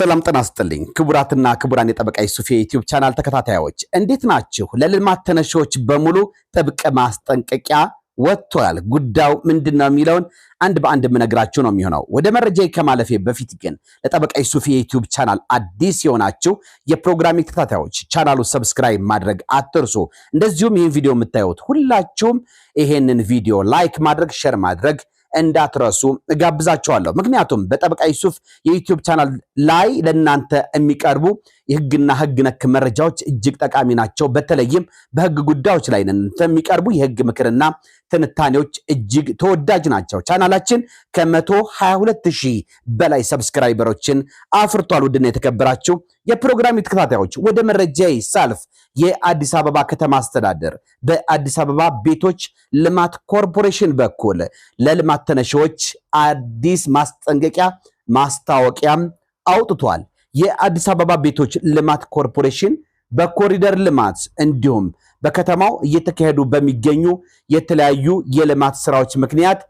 ሰላም ጤና ይስጥልኝ። ክቡራትና ክቡራን የጠበቃ ዩሱፍ የዩቲዩብ ቻናል ተከታታዮች እንዴት ናችሁ? ለልማት ተነሺዎች በሙሉ ጥብቅ ማስጠንቀቂያ ወጥቷል። ጉዳዩ ምንድን ነው የሚለውን አንድ በአንድ የምነግራችሁ ነው የሚሆነው። ወደ መረጃ ከማለፌ በፊት ግን ለጠበቃ ዩሱፍ የዩቲዩብ ቻናል አዲስ የሆናችሁ የፕሮግራሚ ተከታታዮች ቻናሉ ሰብስክራይብ ማድረግ አትርሱ። እንደዚሁም ይህን ቪዲዮ የምታዩት ሁላችሁም ይሄንን ቪዲዮ ላይክ ማድረግ፣ ሸር ማድረግ እንዳትረሱ እጋብዛቸዋለሁ። ምክንያቱም በጠበቃ ዩሱፍ የዩቲዩብ ቻናል ላይ ለእናንተ የሚቀርቡ የህግና ህግ ነክ መረጃዎች እጅግ ጠቃሚ ናቸው። በተለይም በህግ ጉዳዮች ላይ ለእናንተ የሚቀርቡ የህግ ምክርና ትንታኔዎች እጅግ ተወዳጅ ናቸው። ቻናላችን ከ ሀያ ሺህ በላይ ሰብስክራይበሮችን አፍርቷል። ውድና የተከበራችሁ የፕሮግራሚ ተከታታዮች ወደ መረጃ ሳልፍ የአዲስ አበባ ከተማ አስተዳደር በአዲስ አበባ ቤቶች ልማት ኮርፖሬሽን በኩል ለልማት ማተነሻዎች አዲስ ማስጠንቀቂያ ማስታወቂያም አውጥቷል። የአዲስ አበባ ቤቶች ልማት ኮርፖሬሽን በኮሪደር ልማት እንዲሁም በከተማው እየተካሄዱ በሚገኙ የተለያዩ የልማት ስራዎች ምክንያት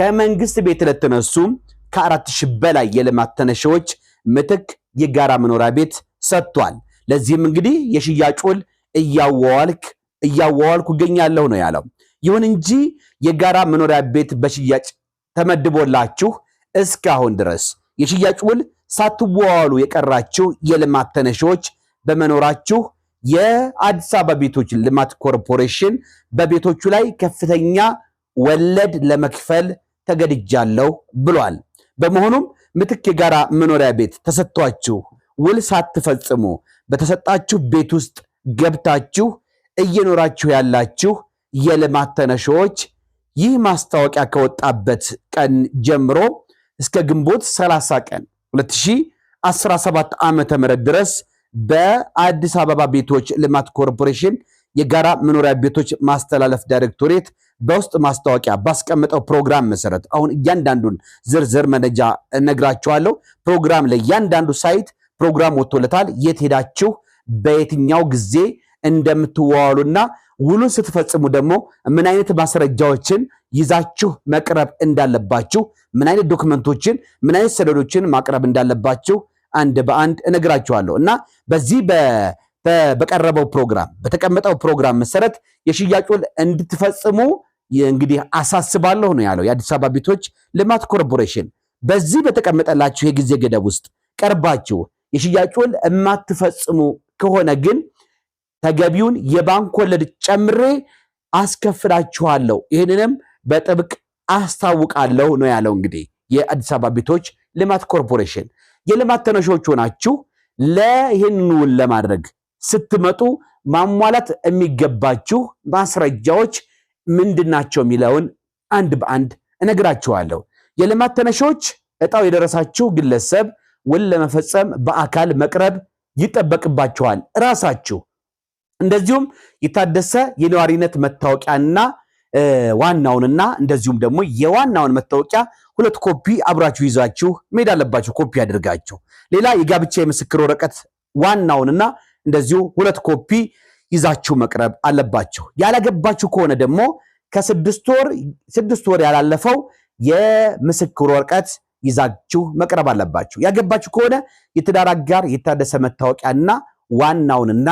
ከመንግስት ቤት ለተነሱ ከአራት ሺህ በላይ የልማት ተነሺዎች ምትክ የጋራ መኖሪያ ቤት ሰጥቷል። ለዚህም እንግዲህ የሽያጭ ውል እያዋዋልክ እያዋዋልኩ እገኛለሁ ነው ያለው። ይሁን እንጂ የጋራ መኖሪያ ቤት በሽያጭ ተመድቦላችሁ እስካሁን ድረስ የሽያጭ ውል ሳትዋዋሉ የቀራችሁ የልማት ተነሺዎች በመኖራችሁ የአዲስ አበባ ቤቶች ልማት ኮርፖሬሽን በቤቶቹ ላይ ከፍተኛ ወለድ ለመክፈል ተገድጃለሁ ብሏል። በመሆኑም ምትክ የጋራ መኖሪያ ቤት ተሰጥቷችሁ ውል ሳትፈጽሙ በተሰጣችሁ ቤት ውስጥ ገብታችሁ እየኖራችሁ ያላችሁ የልማት ተነሺዎች ይህ ማስታወቂያ ከወጣበት ቀን ጀምሮ እስከ ግንቦት 30 ቀን 2017 ዓ ም ድረስ በአዲስ አበባ ቤቶች ልማት ኮርፖሬሽን የጋራ መኖሪያ ቤቶች ማስተላለፍ ዳይሬክቶሬት በውስጥ ማስታወቂያ ባስቀመጠው ፕሮግራም መሰረት አሁን እያንዳንዱን ዝርዝር መረጃ እነግራችኋለሁ። ፕሮግራም ለእያንዳንዱ ሳይት ፕሮግራም ወጥቶለታል። የት ሄዳችሁ በየትኛው ጊዜ እንደምትዋዋሉና ውሉን ስትፈጽሙ ደግሞ ምን አይነት ማስረጃዎችን ይዛችሁ መቅረብ እንዳለባችሁ፣ ምን አይነት ዶክመንቶችን፣ ምን አይነት ሰነዶችን ማቅረብ እንዳለባችሁ አንድ በአንድ እነግራችኋለሁ እና በዚህ በቀረበው ፕሮግራም በተቀመጠው ፕሮግራም መሰረት የሽያጭ ውል እንድትፈጽሙ እንግዲህ አሳስባለሁ ነው ያለው የአዲስ አበባ ቤቶች ልማት ኮርፖሬሽን። በዚህ በተቀመጠላችሁ የጊዜ ገደብ ውስጥ ቀርባችሁ የሽያጭ ውል የማትፈጽሙ ከሆነ ግን ተገቢውን የባንክ ወለድ ጨምሬ አስከፍላችኋለሁ፣ ይህንንም በጥብቅ አስታውቃለሁ ነው ያለው። እንግዲህ የአዲስ አበባ ቤቶች ልማት ኮርፖሬሽን የልማት ተነሾች ሆናችሁ ውል ለማድረግ ስትመጡ ማሟላት የሚገባችሁ ማስረጃዎች ምንድናቸው የሚለውን አንድ በአንድ እነግራችኋለሁ። የልማት ተነሾች እጣው የደረሳችሁ ግለሰብ ውል ለመፈጸም በአካል መቅረብ ይጠበቅባችኋል። ራሳችሁ እንደዚሁም የታደሰ የነዋሪነት መታወቂያና ዋናውንና እንደዚሁም ደግሞ የዋናውን መታወቂያ ሁለት ኮፒ አብራችሁ ይዛችሁ መሄድ አለባችሁ። ኮፒ አድርጋችሁ ሌላ የጋብቻ የምስክር ወረቀት ዋናውንና እንደዚሁ ሁለት ኮፒ ይዛችሁ መቅረብ አለባችሁ። ያላገባችሁ ከሆነ ደግሞ ከስድስት ወር ስድስት ወር ያላለፈው የምስክር ወረቀት ይዛችሁ መቅረብ አለባችሁ። ያገባችሁ ከሆነ የትዳር አጋር የታደሰ መታወቂያና ዋናውንና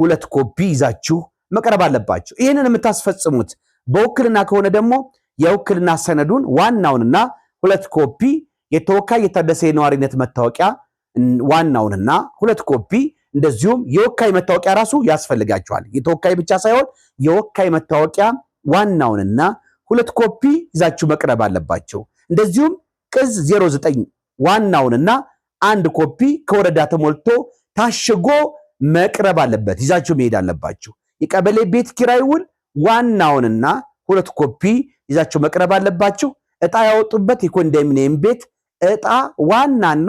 ሁለት ኮፒ ይዛችሁ መቅረብ አለባችሁ። ይህንን የምታስፈጽሙት በውክልና ከሆነ ደግሞ የውክልና ሰነዱን ዋናውንና ሁለት ኮፒ፣ የተወካይ የታደሰ የነዋሪነት መታወቂያ ዋናውንና ሁለት ኮፒ እንደዚሁም የወካይ መታወቂያ ራሱ ያስፈልጋቸዋል። የተወካይ ብቻ ሳይሆን የወካይ መታወቂያ ዋናውንና ሁለት ኮፒ ይዛችሁ መቅረብ አለባቸው። እንደዚሁም ቅጽ 09 ዋናውንና አንድ ኮፒ ከወረዳ ተሞልቶ ታሽጎ መቅረብ አለበት፣ ይዛችሁ መሄድ አለባችሁ። የቀበሌ ቤት ኪራይ ውል ዋናውንና ሁለት ኮፒ ይዛችሁ መቅረብ አለባችሁ። እጣ ያወጡበት የኮንዶሚኒየም ቤት እጣ ዋናና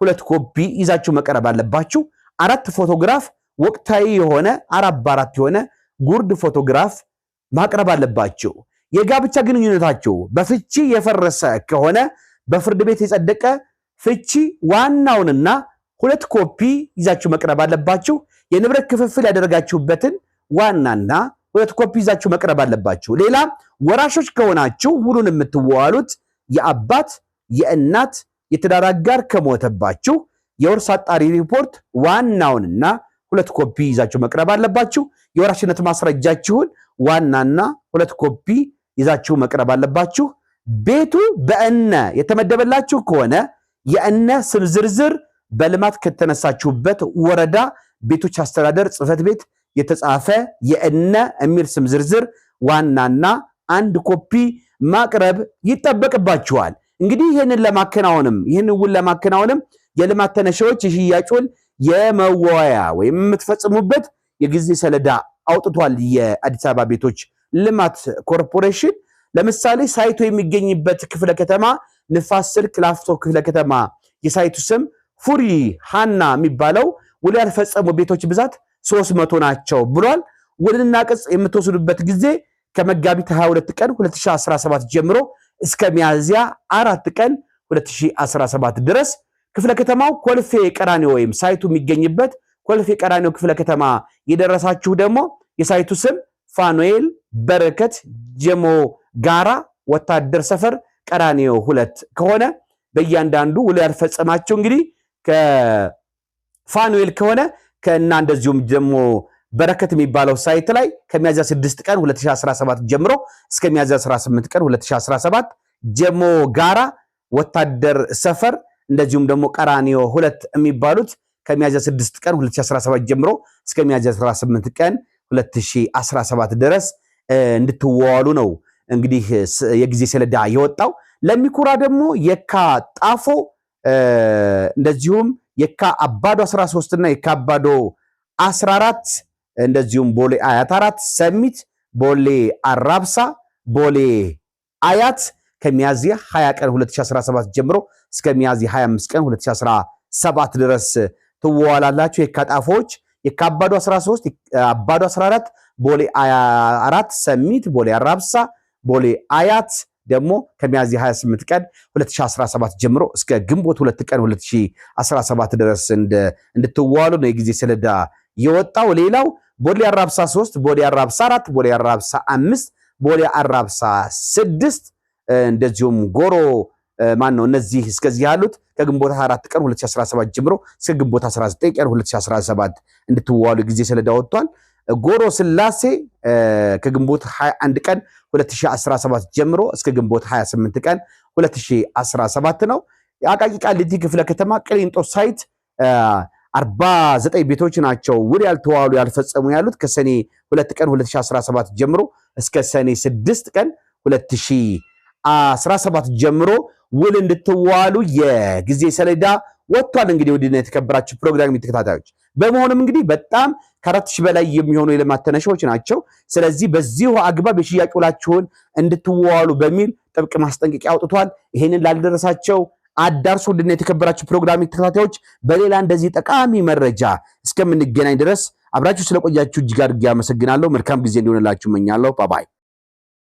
ሁለት ኮፒ ይዛችሁ መቅረብ አለባችሁ። አራት ፎቶግራፍ ወቅታዊ የሆነ አራት በአራት የሆነ ጉርድ ፎቶግራፍ ማቅረብ አለባችሁ። የጋብቻ ግንኙነታችሁ በፍቺ የፈረሰ ከሆነ በፍርድ ቤት የጸደቀ ፍቺ ዋናውንና ሁለት ኮፒ ይዛችሁ መቅረብ አለባችሁ። የንብረት ክፍፍል ያደረጋችሁበትን ዋናና ሁለት ኮፒ ይዛችሁ መቅረብ አለባችሁ። ሌላ ወራሾች ከሆናችሁ ሁሉን የምትዋዋሉት የአባት የእናት የትዳር አጋር ከሞተባችሁ የውርስ አጣሪ ሪፖርት ዋናውንና ሁለት ኮፒ ይዛችሁ መቅረብ አለባችሁ። የወራሽነት ማስረጃችሁን ዋናና ሁለት ኮፒ ይዛችሁ መቅረብ አለባችሁ። ቤቱ በእነ የተመደበላችሁ ከሆነ የእነ ስም ዝርዝር በልማት ከተነሳችሁበት ወረዳ ቤቶች አስተዳደር ጽህፈት ቤት የተጻፈ የእነ የሚል ስም ዝርዝር ዋናና አንድ ኮፒ ማቅረብ ይጠበቅባችኋል። እንግዲህ ይህንን ለማከናወንም ይህን ውል ለማከናወንም የልማት ተነሻዎች የሽያጩን የመዋያ ወይም የምትፈጽሙበት የጊዜ ሰሌዳ አውጥቷል። የአዲስ አበባ ቤቶች ልማት ኮርፖሬሽን ለምሳሌ ሳይቱ የሚገኝበት ክፍለ ከተማ ንፋስ ስልክ ላፍቶ ክፍለ ከተማ የሳይቱ ስም ፉሪ ሃና የሚባለው ውል ያልፈጸሙ ቤቶች ብዛት ሶስት መቶ ናቸው ብሏል። ውልና ቅጽ የምትወስዱበት ጊዜ ከመጋቢት 22 ቀን 2017 ጀምሮ እስከ ሚያዝያ አራት ቀን 2017 ድረስ ክፍለ ከተማው ኮልፌ ቀራኒዮ ወይም ሳይቱ የሚገኝበት ኮልፌ ቀራኒዮ ክፍለ ከተማ የደረሳችሁ ደግሞ የሳይቱ ስም ፋኑኤል በረከት ጀሞ ጋራ ወታደር ሰፈር ቀራኒዮ ሁለት ከሆነ በእያንዳንዱ ውል ያልፈጸማቸው እንግዲህ ከፋኑኤል ከሆነ ከእና እንደዚሁም ደግሞ በረከት የሚባለው ሳይት ላይ ከሚያዝያ 6 ቀን 2017 ጀምሮ እስከ ሚያዝያ 18 ቀን 2017 ጀሞ ጋራ ወታደር ሰፈር እንደዚሁም ደግሞ ቀራኒዮ ሁለት የሚባሉት ከሚያዝያ 6 ቀን 2017 ጀምሮ እስከ ሚያዝያ 18 ቀን 2017 ድረስ እንድትዋዋሉ ነው እንግዲህ የጊዜ ሰሌዳ የወጣው። ለሚኩራ ደግሞ የካ ጣፎ እንደዚሁም የካ አባዶ 13 እና የካ አባዶ 14 እንደዚሁም ቦሌ አያት አራት ሰሚት ቦሌ አራብሳ ቦሌ አያት ከሚያዝያ 20 ቀን 2017 ጀምሮ እስከ ሚያዝያ 25 ቀን 2017 ድረስ ትዋዋላላችሁ። የካ ጣፎች የካ አባዶ 13 አባዶ 14 ቦሌ አራት ሰሚት ቦሌ አራብሳ ቦሌ አያት ደግሞ ከሚያዝያ 28 ቀን 2017 ጀምሮ እስከ ግንቦት ሁለት ቀን 2017 ድረስ እንድትዋሉ ነው የጊዜ ሰሌዳ የወጣው። ሌላው ቦሌ አራብሳ 3 ቦሌ አራብሳ 4 ቦሌ አራብሳ 5 ቦሌ አራብሳ 6 እንደዚሁም ጎሮ ማን ነው? እነዚህ እስከዚህ ያሉት ከግንቦት 4 ቀን 2017 ጀምሮ እስከ ግንቦት 19 ቀን 2017 እንድትዋሉ የጊዜ ሰሌዳ ወጥቷል። ጎሮ ስላሴ ከግንቦት 21 ቀን 2017 ጀምሮ እስከ ግንቦት 28 ቀን 2017 ነው። የአቃቂ ቃሊቲ ክፍለ ከተማ ቅሊንጦ ሳይት 49 ቤቶች ናቸው ውል ያልተዋሉ ያልፈጸሙ ያሉት ከሰኔ 2 ቀን 2017 ጀምሮ እስከ ሰኔ 6 ቀን 2017 ጀምሮ ውል እንድትዋሉ የጊዜ ሰሌዳ ወጥቷል። እንግዲህ ውድና የተከበራችሁ ፕሮግራም ተከታታዮች በመሆኑም እንግዲህ በጣም ከአራት ሺህ በላይ የሚሆኑ የልማት ተነሻዎች ናቸው። ስለዚህ በዚሁ አግባብ የሽያጭ ውላችሁን እንድትዋዋሉ በሚል ጥብቅ ማስጠንቀቂያ አውጥቷል። ይህንን ላልደረሳቸው አዳርሱልን። የተከበራችሁ ፕሮግራሚንግ ተከታታዮች፣ በሌላ እንደዚህ ጠቃሚ መረጃ እስከምንገናኝ ድረስ አብራችሁ ስለቆያችሁ እጅግ አድርጌ አመሰግናለሁ። መልካም ጊዜ እንዲሆንላችሁ እመኛለሁ። ባባይ